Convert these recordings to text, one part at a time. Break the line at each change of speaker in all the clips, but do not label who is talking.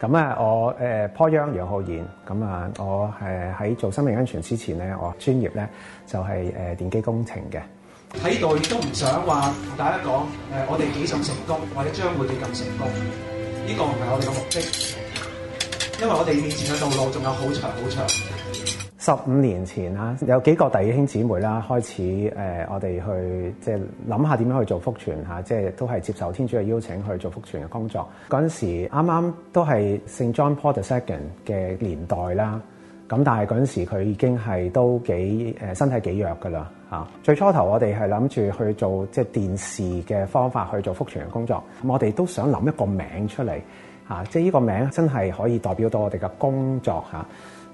咁啊，我誒潘央楊浩然，咁啊，我係喺做生命安全之前咧，我專業咧就係誒電機工程嘅。喺度亦都唔想話同大家講誒，我哋幾咁成功或者將會幾咁成功，呢個唔係我哋嘅目的，因為我哋面前嘅道路仲有好長好長。十五年前啦，有幾個弟兄姊妹啦，開始誒、呃，我哋去即係諗下點樣去做福傳嚇，即、啊、係、就是、都係接受天主嘅邀請去做福傳嘅工作。嗰陣時啱啱都係聖 John Paul II 嘅年代啦，咁、啊、但係嗰陣時佢已經係都幾誒、呃、身體幾弱噶啦嚇。最初頭我哋係諗住去做即係、就是、電視嘅方法去做福傳嘅工作，咁我哋都想諗一個名出嚟嚇，即係呢個名真係可以代表到我哋嘅工作嚇。啊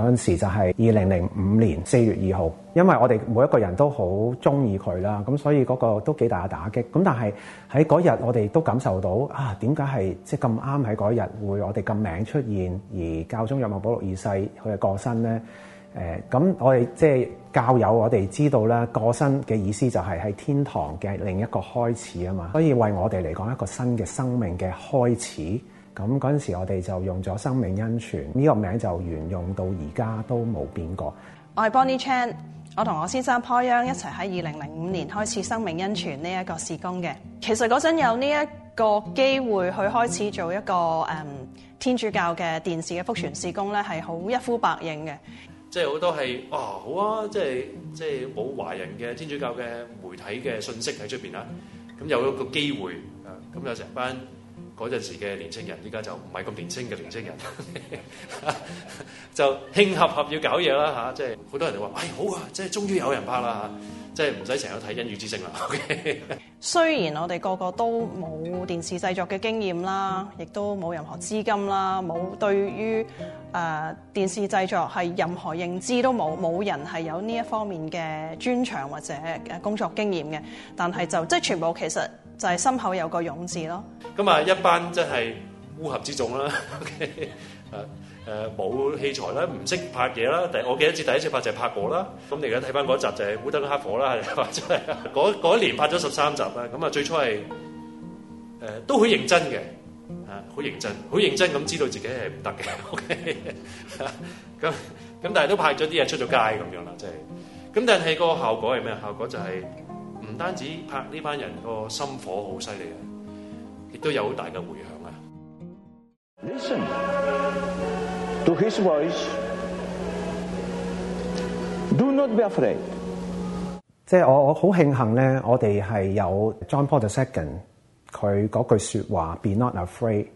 嗰陣時就係二零零五年四月二號，因為我哋每一個人都好中意佢啦，咁所以嗰個都幾大嘅打擊。咁但係喺嗰日，我哋都感受到啊，點解係即係咁啱喺嗰日會我哋咁名出現，而教宗若望保祿二世佢嘅過身咧？誒、欸，咁我哋即係教友，我哋知道啦，過身嘅意思就係喺天堂嘅另一個開始啊嘛，所以為我哋嚟講一個新嘅生命嘅開始。咁嗰陣時，我哋就用咗生命恩泉呢個名，就沿用到而家都冇變過。
我係 Bonnie Chan，我同我先生樸央一齊喺二零零五年開始生命恩泉呢一個事工嘅。其實嗰陣有呢一個機會去開始做一個誒、嗯、天主教嘅電視嘅福傳事工咧，係好一呼百應嘅。
即係好多係哇、哦，好啊！即係即係冇華人嘅天主教嘅媒體嘅信息喺出邊啊！咁有一個機會啊，咁有成班。嗰陣時嘅年青人，依家就唔係咁年青嘅年青人， 就興合合要搞嘢啦嚇！即係好多人就話：「哎，好啊！即係終於有人拍啦，即係唔使成日睇《鴛鴦之聲》啦，okay。
雖然我哋個個都冇電視製作嘅經驗啦，亦都冇任何資金啦，冇對於誒電視製作係任何認知都冇，冇人係有呢一方面嘅專長或者誒工作經驗嘅，但係就即係全部其實。就係、是、心口有個勇字咯。
咁啊，一班真係烏合之眾啦。誒誒，冇器材啦，唔識拍嘢啦。第我記得最第一次拍就係拍過啦。咁而家睇翻嗰集就係、是、烏特克火啦，嗰 一年拍咗十三集啦。咁啊，最初係、呃、都好認真嘅，啊好認真，好認真咁知道自己係唔得嘅。OK，咁咁但係都拍咗啲嘢出咗街咁樣啦，即係、就是。咁但係個效果係咩？效果就係、是。唔單止拍呢班人
個心火好犀利啊，亦都有好大嘅回響啊。Listen to his voice, do not be afraid。即係我我好慶幸咧，我哋係有 John Paul II 佢嗰句説話，Be not afraid，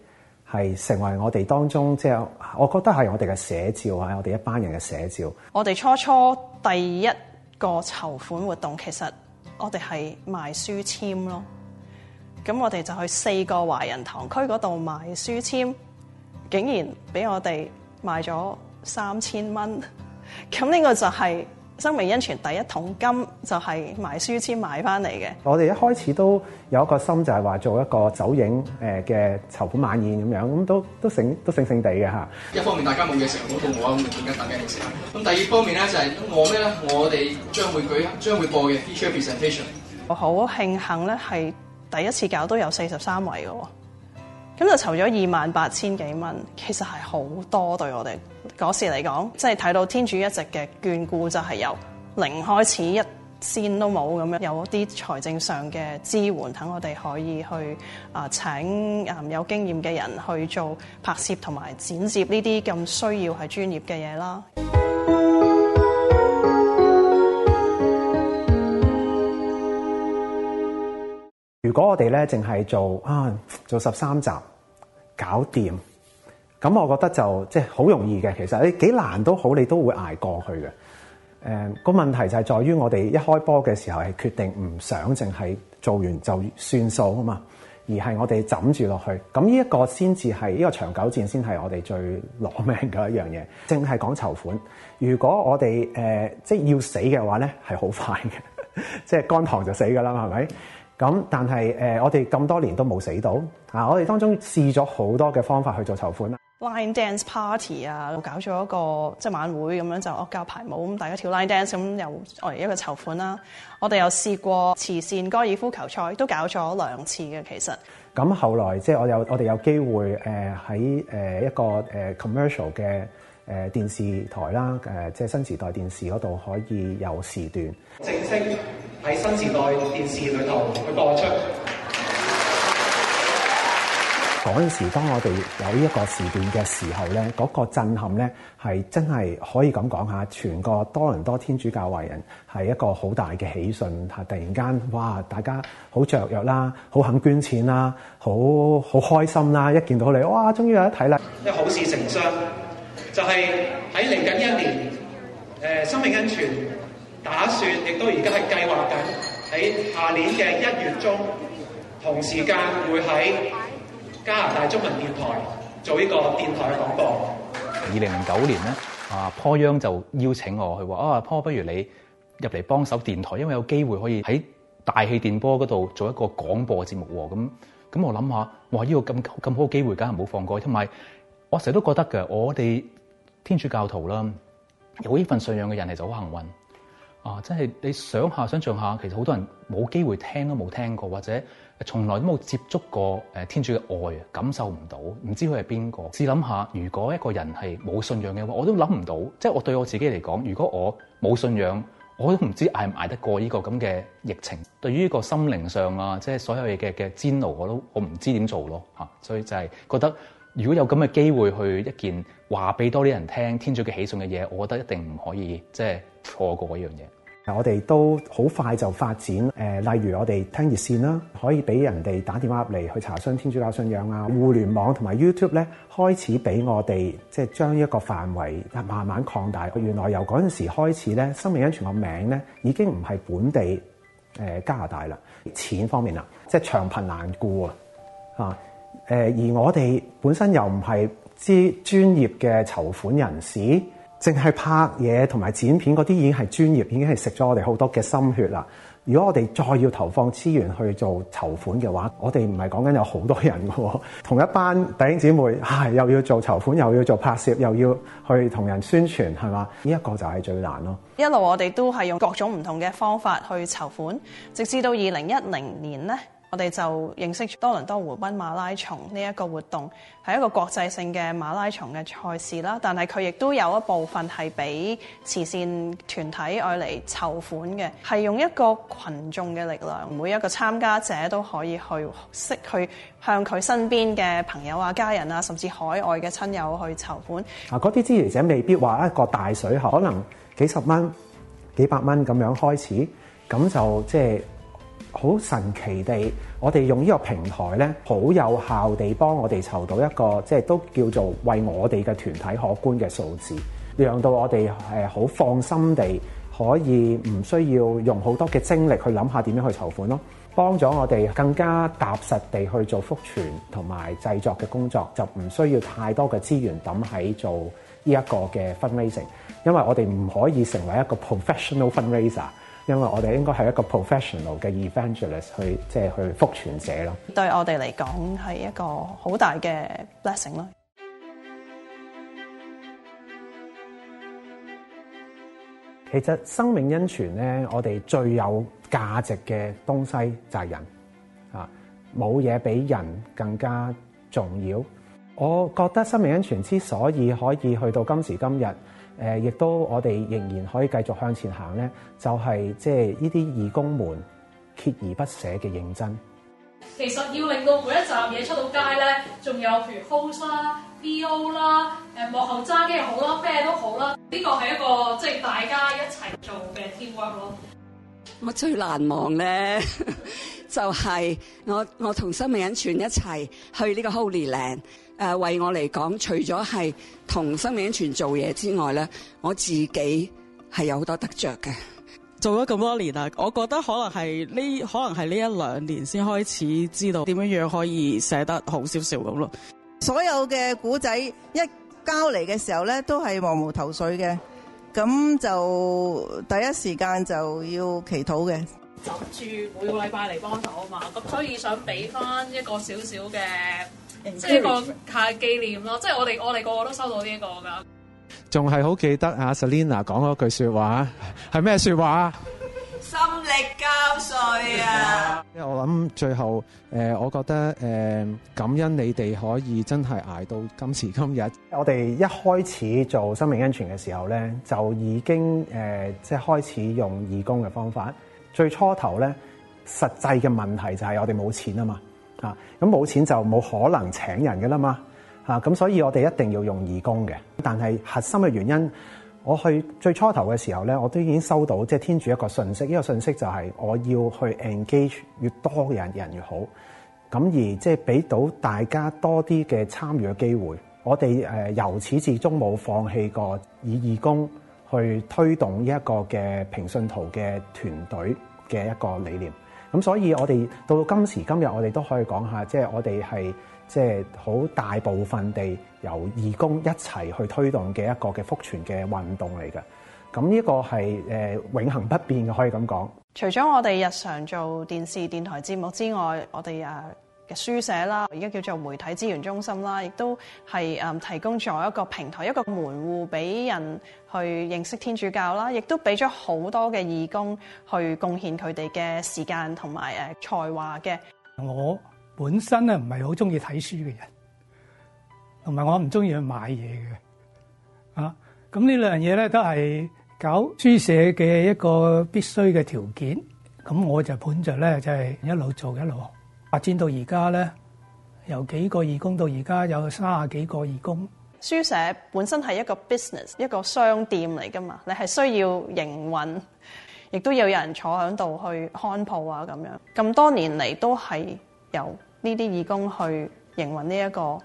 係成為我哋當中即係我覺得係我哋嘅寫照啊，我哋一班人嘅寫照。
我哋初初第一個籌款活動其實。我哋係賣書籤咯，咁我哋就去四個華人堂區嗰度賣書籤，竟然俾我哋賣咗三千蚊，咁呢個就係、是。生命恩泉第一桶金就係、是、賣書籤買翻嚟嘅。
我哋一開始都有一個心就係、是、話做一個酒影誒嘅籌款晚宴咁樣，咁都
都醒都醒地嘅吓。
一方面大家冇嘢食，我到我咁點解等家一件事。咁第二方面咧就係、是、我咩咧？我哋將會舉，將會播嘅 feature presentation。
我好慶幸咧，係第一次搞都有四十三位嘅喎。咁就籌咗二萬八千幾蚊，其實係好多，對我哋嗰時嚟講，即係睇到天主一直嘅眷顧，就係、是、由零開始一仙都冇咁樣，有啲財政上嘅支援等我哋可以去啊、呃、請啊、呃、有經驗嘅人去做拍攝同埋剪接呢啲咁需要係專業嘅嘢啦。
如果我哋咧淨係做啊做十三集搞掂，咁我覺得就即係好容易嘅。其實你幾難都好，你都會捱過去嘅。誒、嗯、個問題就係在於我哋一開波嘅時候係決定唔想淨係做完就算數啊嘛，而係我哋枕住落去。咁呢一個先至係呢個長久戰，先係我哋最攞命嘅一樣嘢。淨係講籌款，如果我哋誒、呃、即係要死嘅話咧，係好快嘅， 即係乾塘就死噶啦，係咪？咁但係誒、呃，我哋咁多年都冇死到啊！我哋當中試咗好多嘅方法去做籌款啦
，line dance party 啊，搞咗一個即係晚會咁樣就教排舞，咁大家跳 line dance，咁又誒一個籌款啦、啊。我哋又試過慈善高爾夫球賽，都搞咗兩次嘅其實。
咁後來即係我有我哋有機會誒喺一個 commercial 嘅電視台啦，即係新時代電視嗰度可以有時段。正清，清。喺新時代電視裏頭去播出。嗰陣時，當我哋有一個時段嘅時候咧，嗰、那個震撼咧，係真係可以咁講下，全個多倫多天主教華人係一個好大嘅喜訊嚇！突然間，哇，大家好雀躍啦，好肯捐錢啦，好好開心啦！一見到你，哇，終於有一睇啦！一好事成雙，就係喺嚟緊一年，誒、呃，生命安全。打算亦都而家係計劃緊喺下年嘅一月中同時間會喺加拿大中文電台做呢個電台嘅廣播。二零零九年咧啊，坡央就邀請我，去話：啊坡，不如你入嚟幫手電台，因為有機會可以喺大氣電波嗰度做一個廣播節目。咁咁我諗下，哇！呢個咁咁好機會，梗係唔好放過，同埋我成日都覺得嘅，我哋天主教徒啦，有呢份信仰嘅人係就好幸運。啊！即係你想下、想象下，其實好多人冇機會聽都冇聽過，或者從來都冇接觸過誒天主嘅愛，感受唔到，唔知佢係邊個。試諗下，如果一個人係冇信仰嘅話，我都諗唔到。即係我對我自己嚟講，如果我冇信仰，我都唔知捱唔捱得過呢個咁嘅疫情。對於呢個心靈上啊，即係所有嘢嘅嘅煎熬，我都我唔知點做咯嚇。所以就係覺得。如果有咁嘅機會去一件話俾多啲人聽天主嘅喜訊嘅嘢，我覺得一定唔可以即係、就是、錯過嗰樣嘢。我哋都好快就發展誒，例如我哋聽熱線啦，可以俾人哋打電話入嚟去查詢天主教信仰啊。互聯網同埋 YouTube 咧，開始俾我哋即係將呢一個範圍慢慢擴大。原來由嗰陣時開始咧，生命安全個名咧已經唔係本地誒加拿大啦。錢方面啦，即係長貧難顧啊啊！誒而我哋本身又唔係知專業嘅籌款人士，淨係拍嘢同埋剪片嗰啲已經係專業，已經係食咗我哋好多嘅心血啦。如果我哋再要投放資源去做籌款嘅話，我哋唔係講緊有好多人嘅喎，同一班弟兄姊妹、啊、又要做籌款，又要做拍攝，又要去同人宣傳，係嘛？呢、這、一個就係最難咯。
一路我哋都係用各種唔同嘅方法去籌款，直至到二零一零年咧。我哋就認識多倫多湖濱馬拉松呢一個活動，係一個國際性嘅馬拉松嘅賽事啦。但係佢亦都有一部分係俾慈善團體愛嚟籌款嘅，係用一個群眾嘅力量，每一個參加者都可以去識去向佢身邊嘅朋友啊、家人啊，甚至海外嘅親友去籌款。
啊，嗰啲支持者未必話一個大水喉，可能幾十蚊、幾百蚊咁樣開始，咁就即係。好神奇地，我哋用呢個平台咧，好有效地幫我哋籌到一個即係都叫做為我哋嘅團體可觀嘅數字，讓到我哋好放心地可以唔需要用好多嘅精力去諗下點樣去籌款咯，幫咗我哋更加踏實地去做復存同埋製作嘅工作，就唔需要太多嘅資源揼喺做呢一個嘅 fundraising，因為我哋唔可以成為一個 professional fundraiser。因為我哋應該係一個 professional 嘅 evangelist 即去即係去福傳者咯。
對我哋嚟講係一個好大嘅 blessing 咯。
其實生命恩泉咧，我哋最有價值嘅東西就係人啊，冇嘢比人更加重要。我覺得生命恩泉之所以可以去到今時今日，亦都我哋仍然可以繼續向前行咧，就係即係呢啲義工們竭而不捨嘅認
真。其實要令到每一站嘢出到街咧，仲有譬如 host 啦、bo 啦、誒幕後揸機又好啦，咩都好啦，呢個係一個即係、就是、大家一齊做嘅 team work 咯。
我最難忘咧，就係、是、我我同生命恩泉一齊去呢個 Holy Land 誒為我嚟講，除咗係同生命泉做嘢之外咧，我自己係有好多得着嘅。
做咗咁多年啦，我覺得可能係呢，可能係呢一兩年先開始知道點樣樣可以寫得好少少咁咯。所有嘅古仔一交嚟嘅時候咧，都係茫無頭緒嘅，咁就第一時間就要祈禱嘅。
諗
住每個禮拜嚟幫手啊嘛，咁所以想俾翻一個少少嘅，即係個係紀念咯。即係我哋我哋個個都
收到呢一個噶，仲係好記得阿 Selina 講嗰句說話係咩說話？心力交瘁啊！因為我諗
最後誒，我覺得誒感恩你哋可以真係捱到今時今日。我哋一開始做生命安全嘅時候咧，就已經誒即係開始用義工嘅方法。最初頭咧，實際嘅問題就係我哋冇錢啊嘛，啊咁冇錢就冇可能請人嘅啦嘛，啊咁所以我哋一定要用義工嘅。但係核心嘅原因，我去最初頭嘅時候咧，我都已經收到即係天主一個訊息，呢個訊息就係我要去 engage 越多嘅人，人越好。咁而即係俾到大家多啲嘅參與嘅機會，我哋誒由始至終冇放棄過以義工，去推動呢一個嘅評信圖嘅團隊嘅一個理念，咁所以我哋到今時今日，我哋都可以講下，即、就、係、是、我哋係即係好大部分地由義工一齊去推動嘅一個嘅復傳嘅運動嚟嘅。咁呢個係、呃、永恒不變嘅，可以咁講。
除咗我哋日常做電視電台節目之外，我哋嘅書社啦，而家叫做媒體資源中心啦，亦都係嗯提供咗一個平台、一個門戶俾人去認識天主教啦，亦都俾咗好多嘅義工去貢獻佢哋嘅時間同埋誒才華嘅。
我本身咧唔係好中意睇書嘅人，同埋我唔中意去買嘢嘅啊。咁呢兩樣嘢咧都係搞書社嘅一個必須嘅條件。咁我就本着咧就係一路做一路發展到而家咧，由幾個義工到而家有三十幾個義工。
書舍本身係一個 business，一個商店嚟噶嘛，你係需要營運，亦都要有人坐喺度去看鋪啊咁樣。咁多年嚟都係由呢啲義工去營運呢一個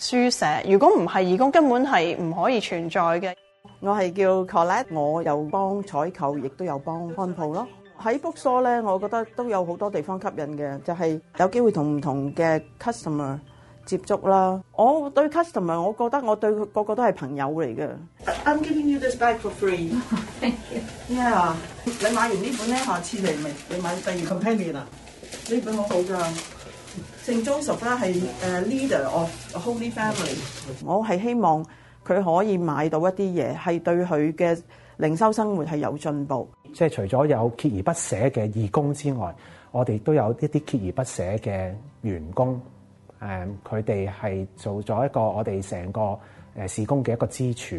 書舍。如果唔係義工，根本係唔可以存在嘅。我係叫 Colette，我有幫採購，亦都有幫看鋪咯。喺 Bookshop 咧，我覺得都有好多地方吸引嘅，就係、是、有機會跟不同唔同嘅 customer 接觸啦。我對 customer，我覺得我對佢個個都係朋友嚟嘅。I'm giving you
this bag for free。咩啊？你買完這呢本咧，下次嚟咪你買第二 component 啊？呢本好好㗎。聖宗叔啦係誒 leader of a holy family。
我係希望佢可以買到一啲嘢，係對佢嘅。零售生活係有進步，
即係除咗有鍥而不捨嘅義工之外，我哋都有一啲鍥而不捨嘅員工，誒，佢哋係做咗一個我哋成個誒事工嘅一個支柱。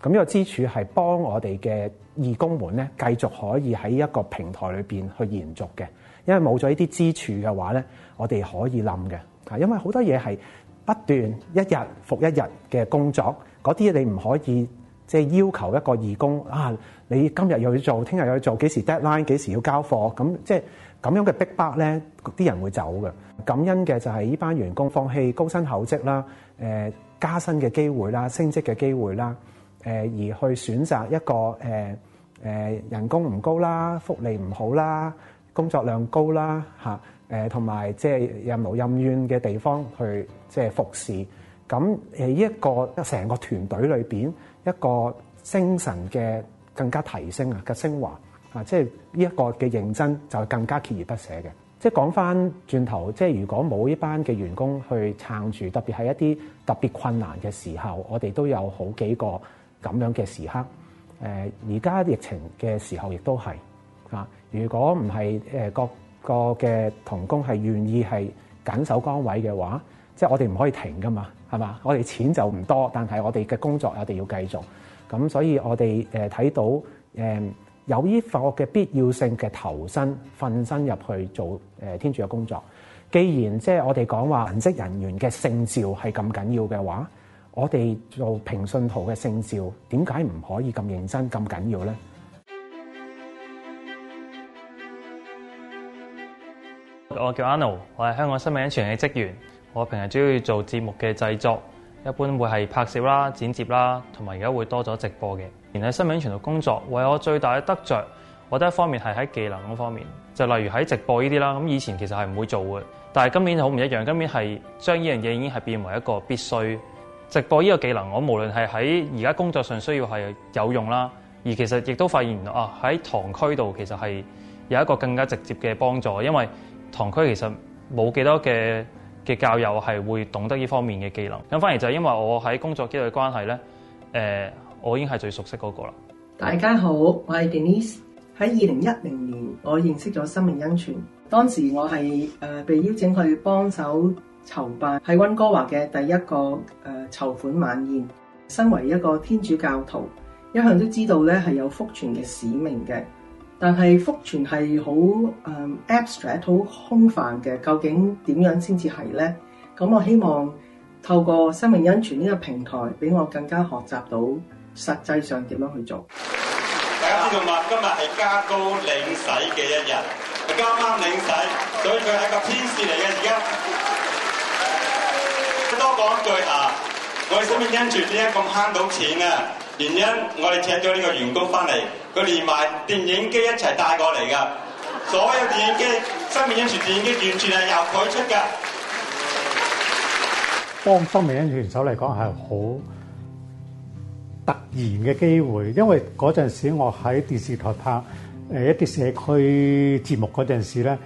咁呢個支柱係幫我哋嘅義工們咧，繼續可以喺一個平台裏邊去延續嘅。因為冇咗呢啲支柱嘅話咧，我哋可以冧嘅嚇。因為好多嘢係不斷一日復一日嘅工作，嗰啲你唔可以。即、就、係、是、要求一個義工啊！你今日又要做，聽日又要做，幾時 deadline？幾時要交貨？咁即係咁樣嘅逼迫咧，啲人會走嘅。感恩嘅就係呢班員工放棄高薪厚職啦、誒、呃、加薪嘅機會啦、升職嘅機會啦、呃，而去選擇一個、呃呃、人工唔高啦、福利唔好啦、工作量高啦吓、呃、同埋即係任勞任怨嘅地方去即係服侍。咁、呃、呢一個成個團隊裏面。一個精神嘅更加提升啊，嘅升華啊，即係呢一個嘅、就係、認真就更加鍥而不捨嘅。即係講返轉頭，即係如果冇一班嘅員工去撐住，特別係一啲特別困難嘅時候，我哋都有好幾個咁樣嘅時刻。誒，而家疫情嘅時候亦都係啊。如果唔係誒各個嘅同工係願意係緊守崗位嘅話，即係我哋唔可以停噶嘛，係嘛？我哋錢就唔多，但係我哋嘅工作我哋要繼續。咁所以我哋誒睇到誒有依佛嘅必要性嘅投身、瞓身入去做誒天主嘅工作。既然即係我哋講話神職人員嘅聖召係咁緊要嘅話，我哋做平信徒嘅聖召點解唔可以咁認真、咁緊要咧？
我叫阿 No，我係香港新命安全嘅職員。我平日主要做節目嘅製作，一般會係拍攝啦、剪接啦，同埋而家會多咗直播嘅。然喺新聞傳媒工作，為我最大嘅得着，我覺得一方面係喺技能嗰方面，就例如喺直播呢啲啦。咁以前其實係唔會做嘅，但係今年就好唔一樣。今年係將呢樣嘢已經係變為一個必須直播呢個技能。我無論係喺而家工作上需要係有用啦，而其實亦都發現啊喺堂區度其實係有一個更加直接嘅幫助，因為堂區其實冇幾多嘅。嘅教友係會懂得呢方面嘅技能，咁反而就係因為我喺工作機會嘅關係咧、呃，我已經係最熟悉嗰個啦。
大家好，我係 Denise。喺二零一零年，我認識咗生命恩泉。當時我係、呃、被邀請去幫手籌辦喺溫哥華嘅第一個誒籌、呃、款晚宴。身為一個天主教徒，一向都知道咧係有福傳嘅使命嘅。但係福傳係好誒 abstract，好空泛嘅。究竟點樣先至係咧？咁我希望透過生命恩泉呢個平台，俾我更加學習到實際上點樣去做。大
家知道嘛？今日係加高領洗嘅一日，今日啱啱領洗，所以佢係一個天使嚟嘅。而家多講一句啊，我哋生命恩泉點解咁慳到錢啊？原因我哋請咗呢個員工返嚟，佢連埋電影機一齊帶過嚟噶。所有電影機、生命影全電影機完全係由佢出嘅。幫生命影全手嚟講係好突然嘅機會，因為嗰陣時我喺電視台拍誒一啲社區節目嗰陣時呢，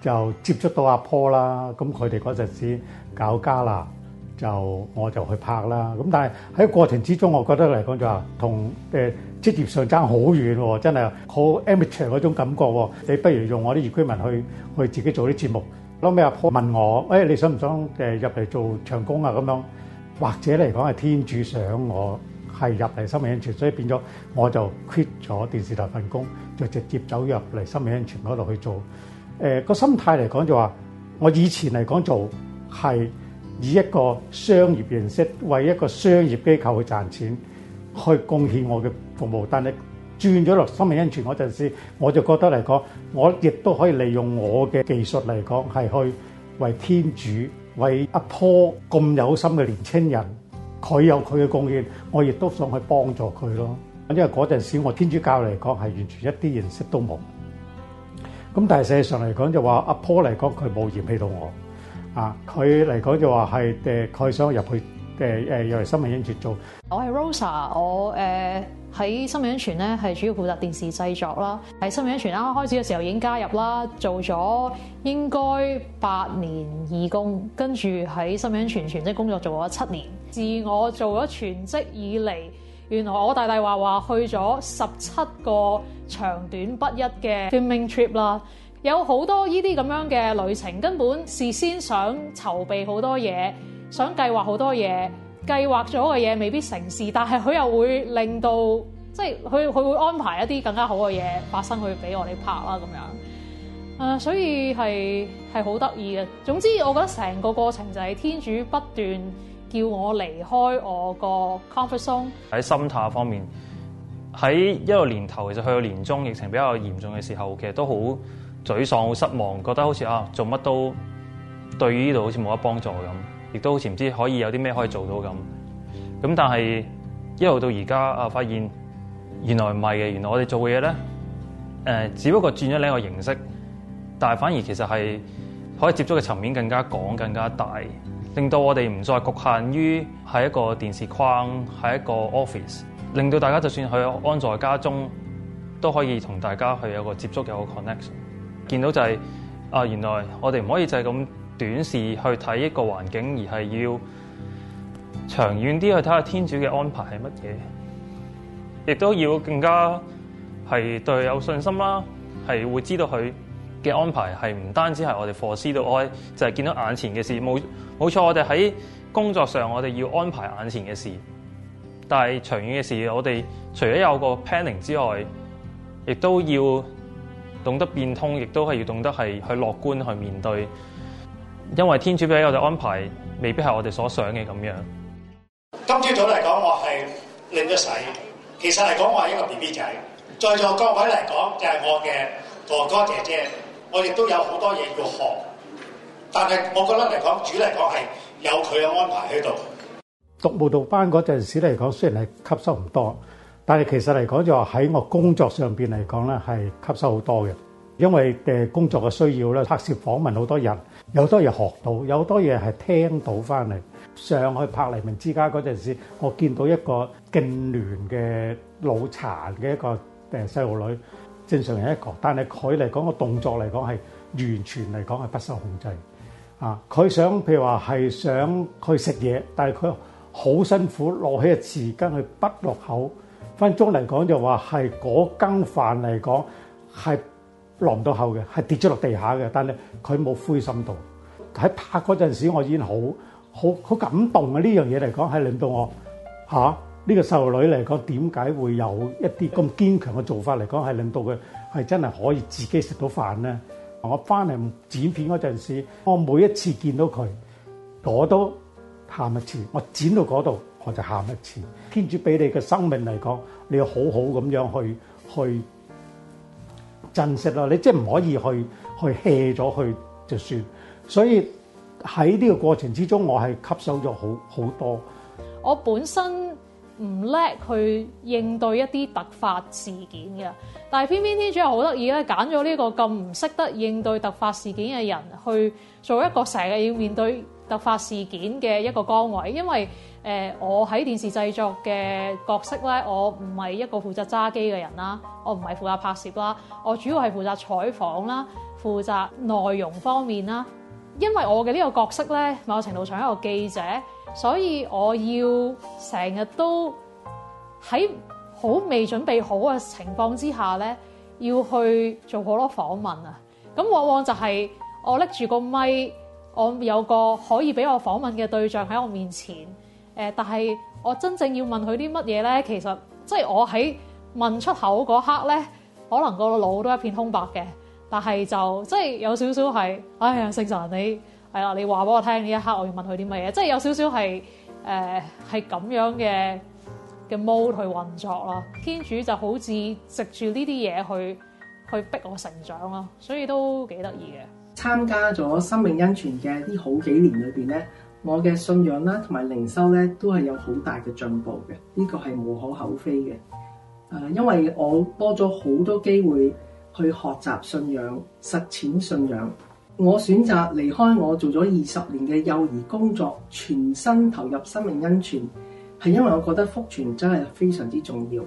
就接觸到阿波啦。咁佢哋嗰陣時搞家啦。就我就去拍啦，咁但係喺過程之中，我覺得嚟講就話同誒職業上爭好遠喎，真係好 amateur 嗰種感覺喎。你不如用我啲 equipment 去去自己做啲節目。後尾阿婆問我，誒你想唔想誒入嚟做長工啊？咁樣或者嚟講係天主想我係入嚟生命恩泉，所以變咗我就 quit 咗電視台份工，就直接走入嚟生命恩泉嗰度去做。誒個心態嚟講就話，我以前嚟講做係。以一個商業形式為一個商業機構去賺錢，去貢獻我嘅服務但了，但係轉咗落生命恩泉陣時，我就覺得嚟講，我亦都可以利用我嘅技術嚟講，係去為天主、為阿坡咁有心嘅年青人，佢有佢嘅貢獻，我亦都想去幫助佢咯。因為陣時我天主教嚟講係完全一啲認識都冇。咁但係事實上嚟講就話阿坡嚟講佢冇嫌棄到我。啊！佢嚟講就話係誒，佢想入去誒誒，入嚟生命恩泉做。
我係 Rosa，我誒喺生命恩泉咧，係、呃、主要負責電視製作啦。喺生命恩泉啱啱開始嘅時候已經加入啦，做咗應該八年義工，跟住喺生命恩泉全職工作做咗七年。自我做咗全職以嚟，原來我大大話話去咗十七個長短不一嘅 filming trip 啦。有好多呢啲咁樣嘅旅程，根本事先想籌備好多嘢，想計劃好多嘢，計劃咗嘅嘢未必成事，但係佢又會令到即係佢佢會安排一啲更加好嘅嘢發生去俾我哋拍啦。咁樣啊，uh, 所以係係好得意嘅。總之，我覺得成個過程就係天主不斷叫我離開我個 comfort zone。
喺心態方面喺一個年頭，其實去到年中疫情比較嚴重嘅時候，其實都好。沮喪、好失望，覺得好似啊做乜都對於呢度好似冇得幫助咁，亦都好似唔知可以有啲咩可以做到咁。咁但係一路到而家啊，發現原來唔係嘅，原來我哋做嘅嘢咧，誒，只不過轉咗另一個形式，但係反而其實係可以接觸嘅層面更加廣、更加大，令到我哋唔再局限於係一個電視框，係一個 office，令到大家就算去安在家中都可以同大家去有個接觸嘅 connection。見到就係、是、啊，原來我哋唔可以就係咁短視去睇一個環境，而係要長遠啲去睇下天主嘅安排係乜嘢，亦都要更加係對有信心啦，係會知道佢嘅安排係唔單止係我哋 foresight 就係、是、見到眼前嘅事。冇，冇錯，我哋喺工作上我哋要安排眼前嘅事，但係長遠嘅事，我哋除咗有個 planning 之外，亦都要。懂得變通，亦都係要懂得係去樂觀去面對，因為天主俾我哋安排，未必係我哋所想嘅咁樣。
今朝早嚟講，我係拎咗洗，其實嚟講，我係一個 B B 仔。在座各位嚟講，就係、是、我嘅哥哥姐姐，我亦都有好多嘢要學。但係我覺得嚟講，主嚟講係有佢嘅安排喺度。讀舞蹈班嗰陣時嚟講，雖然係吸收唔多。但係其實嚟講，就話喺我工作上邊嚟講咧，係吸收好多嘅，因為誒工作嘅需要咧，拍攝訪問好多人，有好多嘢學到，有好多嘢係聽到翻嚟。上去拍黎明之家嗰陣時，我見到一個勁亂嘅腦殘嘅一個誒細路女，正常人一個，但係佢嚟講個動作嚟講係完全嚟講係不受控制啊！佢想譬如話係想去食嘢，但係佢好辛苦落起個匙羹去畢落口。分鐘嚟講就話係嗰羹飯嚟講係落唔到口嘅，係跌咗落地下嘅。但係佢冇灰心到，喺拍嗰陣時我已經好好好感動啊！呢樣嘢嚟講係令到我嚇呢、啊這個細路女嚟講點解會有一啲咁堅強嘅做法嚟講係令到佢係真係可以自己食到飯咧。我翻嚟剪片嗰陣時，我每一次見到佢，我都～喊一次，我剪到嗰度我就喊一次。天主俾你嘅生命嚟講，你要好好咁樣去去珍惜啦！你即係唔可以去去卸咗去就算。所以喺呢個過程之中，我係吸收咗好好多。
我本身唔叻去應對一啲突發事件嘅，但係偏偏天主又好得意咧，揀咗呢個咁唔識得應對突發事件嘅人去做一個成日要面對突發事件嘅一個崗位，因為誒，我喺電視製作嘅角色咧，我唔係一個負責揸機嘅人啦，我唔係負責拍攝啦，我主要係負責採訪啦，負責內容方面啦。因為我嘅呢個角色咧，某程度上係一個記者，所以我要成日都喺好未準備好嘅情況之下咧，要去做好多訪問啊。咁往往就係我拎住個咪。我有個可以俾我訪問嘅對象喺我面前，誒、呃，但係我真正要問佢啲乜嘢咧，其實即係我喺問出口嗰刻咧，可能個腦都一片空白嘅。但係就即係有少少係，哎呀，聖神你係啦，你話俾我聽呢一刻，我要問佢啲乜嘢，即係有少少係誒係咁樣嘅嘅 mode 去運作咯。天主就好似藉住呢啲嘢去去逼我成長咯，所以都幾得意嘅。
參加
咗生命恩泉嘅呢好幾年裏邊，呢我嘅信仰啦同埋靈修呢都係有好大嘅進步嘅，呢個係無可厚非嘅。誒，因為我多咗好多機會去學習信仰、實踐信仰。我選擇離開我做咗二十年嘅幼兒工作，全身投入生命恩泉，係因為我覺得福傳真係非常之重要。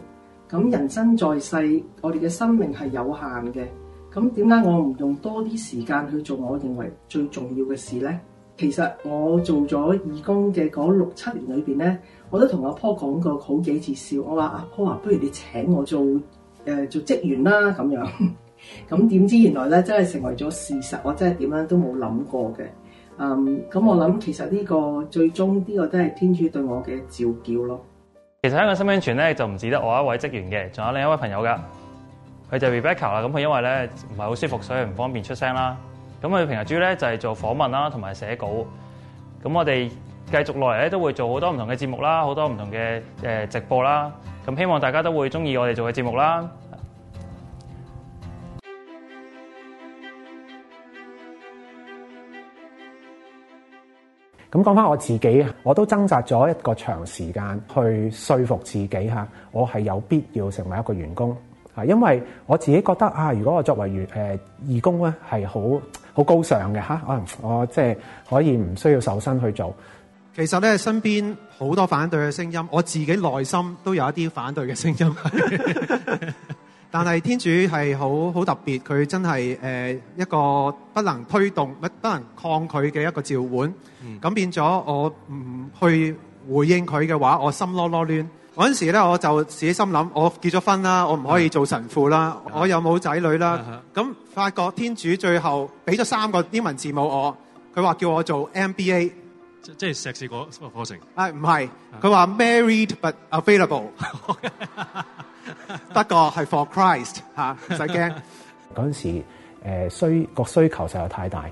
咁人生在世，我哋嘅生命係有限嘅。咁點解我唔用多啲時間去做我認為最重要嘅事呢？其實我做咗義工嘅嗰六七年裏邊呢，我都同阿婆講過好幾次笑。我話阿婆話，Paul，不如你請我做誒、呃、做職員啦咁樣。咁點知原來呢真係成為咗事實，我真係點樣都冇諗過嘅。嗯，咁我諗其實呢、呢個最終呢個都係天主對我嘅召叫咯。
其實香港新聞傳咧就唔止得我一位職員嘅，仲有另一位朋友噶。佢就係 Rebecca 啦，咁佢因為咧唔係好舒服，所以唔方便出聲啦。咁佢平日主要咧就係做訪問啦，同埋寫稿。咁我哋繼續落嚟咧，都會做好多唔同嘅節目啦，好多唔同嘅誒直播啦。咁希望大家都會中意我哋做嘅節目啦。
咁講返我自己啊，我都掙扎咗一個長時間去說服自己嚇，我係有必要成為一個員工。因為我自己覺得啊，如果我作為員誒義工咧，係好好高尚嘅嚇，可能我即係可以唔需要受薪去做。其實咧，身邊好多反對嘅聲音，我自己內心都有一啲反對嘅聲音。 但係天主係好好特別，佢真係誒一個不能推動、不能抗拒嘅一個召喚。咁、嗯、變咗我唔去回應佢嘅話，我心囉囉攣。嗰陣時咧，我就自己心諗，我結咗婚啦，我唔可以做神父啦，我又冇仔女啦。咁發覺天主最後俾咗三個英文字母我，佢話叫我做 MBA，
即係碩士個課程。
唉、啊，唔係，佢話 married but available，不 過係 for Christ 吓、啊、唔使驚。嗰陣 時需、呃、個需求實在太大，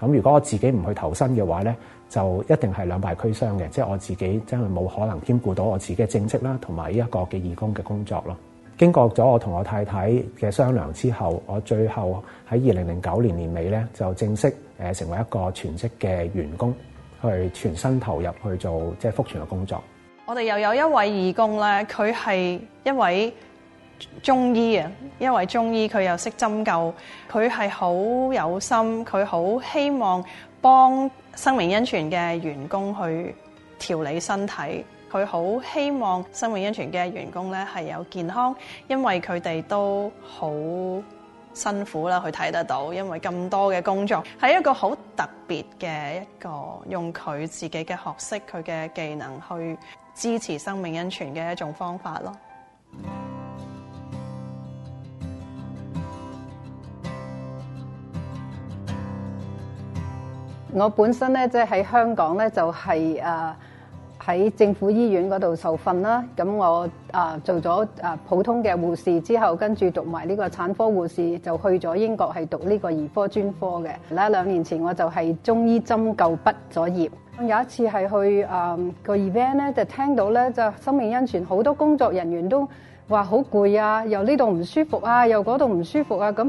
咁如果我自己唔去投身嘅話咧。就一定係兩敗俱傷嘅，即係我自己真係冇可能兼顧到我自己嘅正職啦，同埋呢一個嘅義工嘅工作咯。經過咗我同我太太嘅商量之後，我最後喺二零零九年年尾咧，就正式誒成為一個全職嘅員工，去全身投入去做即係復傳嘅工作。
我哋又有一位義工咧，佢係一位中醫啊，因為中醫佢又識針灸，佢係好有心，佢好希望，幫生命恩泉嘅員工去調理身體，佢好希望生命恩泉嘅員工咧係有健康，因為佢哋都好辛苦啦，佢睇得到，因為咁多嘅工作，係一個好特別嘅一個用佢自己嘅學識、佢嘅技能去支持生命恩泉嘅一種方法咯。
我本身咧即喺香港咧就係誒喺政府醫院嗰度受訓啦，咁我啊、呃、做咗誒、呃、普通嘅護士之後，跟住讀埋呢個產科護士，就去咗英國係讀呢個兒科專科嘅。嗱，兩年前我就係中醫針灸畢咗業，有一次係去誒、呃嗰個 event 咧，就聽到咧就生命恩泉好多工作人員都話好攰啊，又呢度唔舒服啊，又嗰度唔舒服啊，咁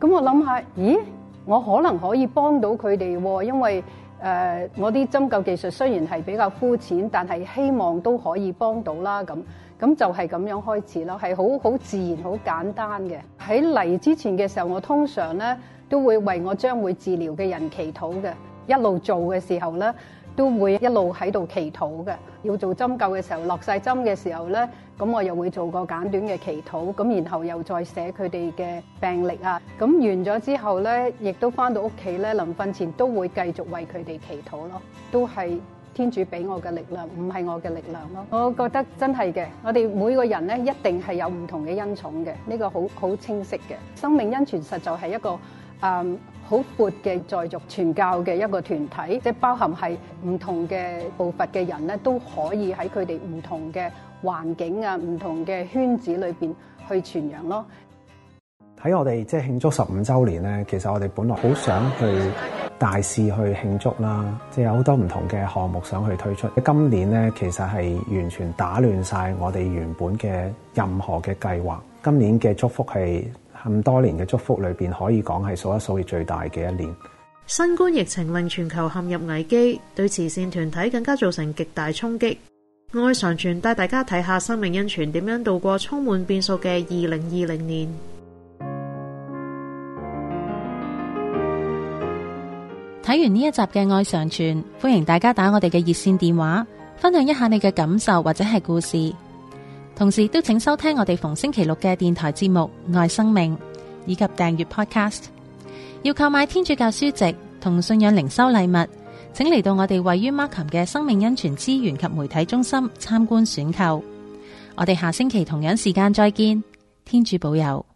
咁我諗下，咦？我可能可以幫到佢哋喎，因為誒、呃、我啲針灸技術雖然係比較膚淺，但係希望都可以幫到啦。咁咁就係咁樣開始啦，係好好自然、好簡單嘅。喺嚟之前嘅時候，我通常咧都會為我將會治療嘅人祈禱嘅，一路做嘅時候咧。都會一路喺度祈禱嘅，要做針灸嘅時候，落晒針嘅時候咧，咁我又會做個簡短嘅祈禱，咁然後又再寫佢哋嘅病歷啊，咁完咗之後咧，亦都翻到屋企咧，臨瞓前都會繼續為佢哋祈禱咯，都係天主俾我嘅力量，唔係我嘅力量咯。我覺得真係嘅，我哋每個人咧一定係有唔同嘅恩寵嘅，呢個好好清晰嘅，生命恩存實在係一個。誒好闊嘅在俗傳教嘅一個團體，即係包含係唔同嘅步伐嘅人咧，都可以喺佢哋唔同嘅環境啊、唔同嘅圈子裏邊去傳揚咯。
喺我哋即係慶祝十五周年咧，其實我哋本來好想去大肆去慶祝啦，即係有好多唔同嘅項目想去推出。今年咧，其實係完全打亂晒，我哋原本嘅任何嘅計劃。今年嘅祝福係。咁多年嘅祝福裏邊，可以講係數一數二最大嘅一年。
新
冠疫情令全球陷入危機，對慈善團體更加造成極大衝擊。愛常傳帶大家睇下生命恩泉點樣度過充滿變數嘅二零二零年。
睇完呢一集嘅愛常傳，歡迎大家打我哋嘅熱線電話，分享一下你嘅感受或者係故事。同時都請收聽我哋逢星期六嘅電台節目《愛生命》，以及訂閱 Podcast。要購買天主教書籍同信仰靈修禮物，請嚟到我哋位於 Markham 嘅生命恩泉資源及媒體中心參觀選購。我哋下星期同樣時間再見，天主保佑。